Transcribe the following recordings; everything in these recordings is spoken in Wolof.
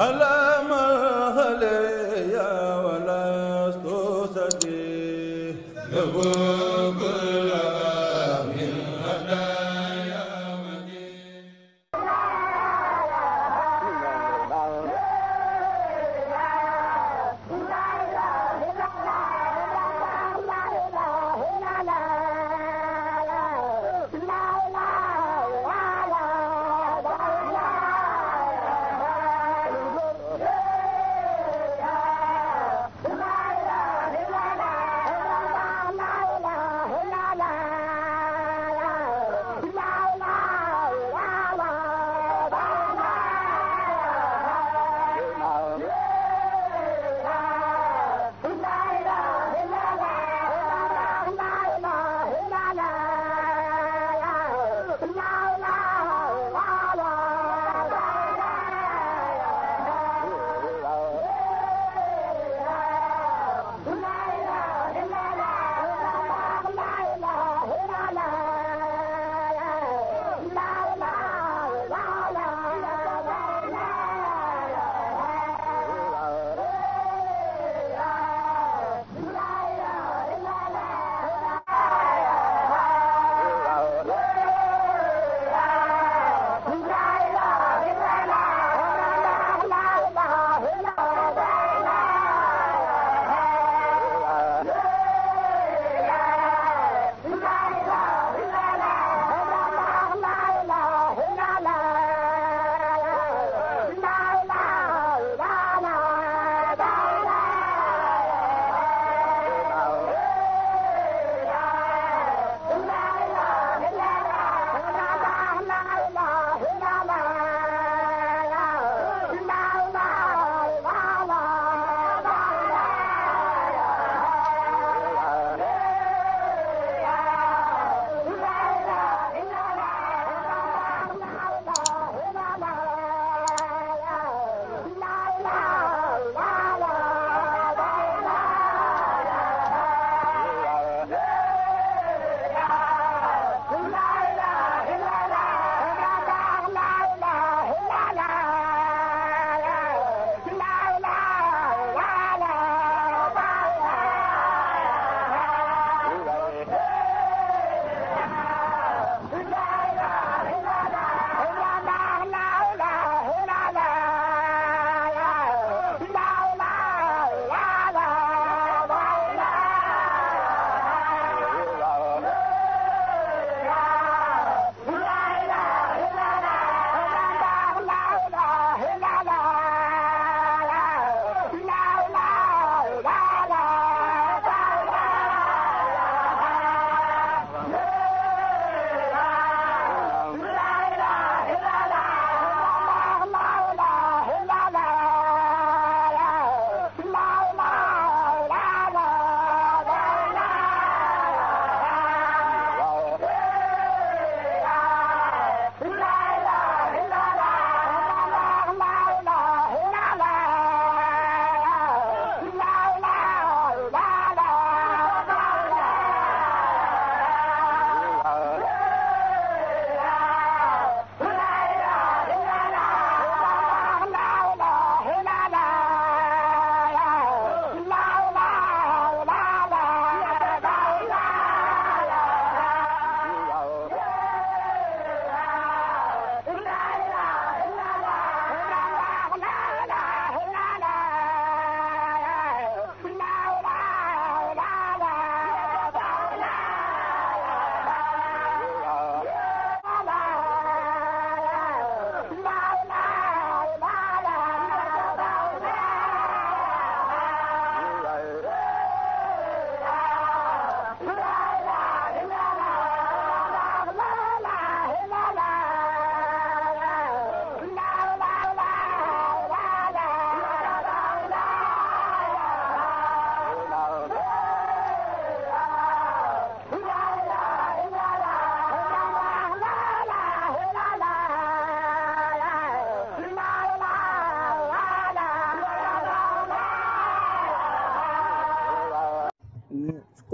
Hello.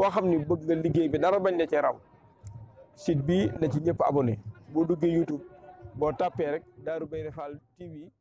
boo xam ni bëgg nga liggéey bi dara bañ la cee raw site bi na ci ñëpp abonné boo duggee YouTube boo tàppee rek Darou Bairé Fall TV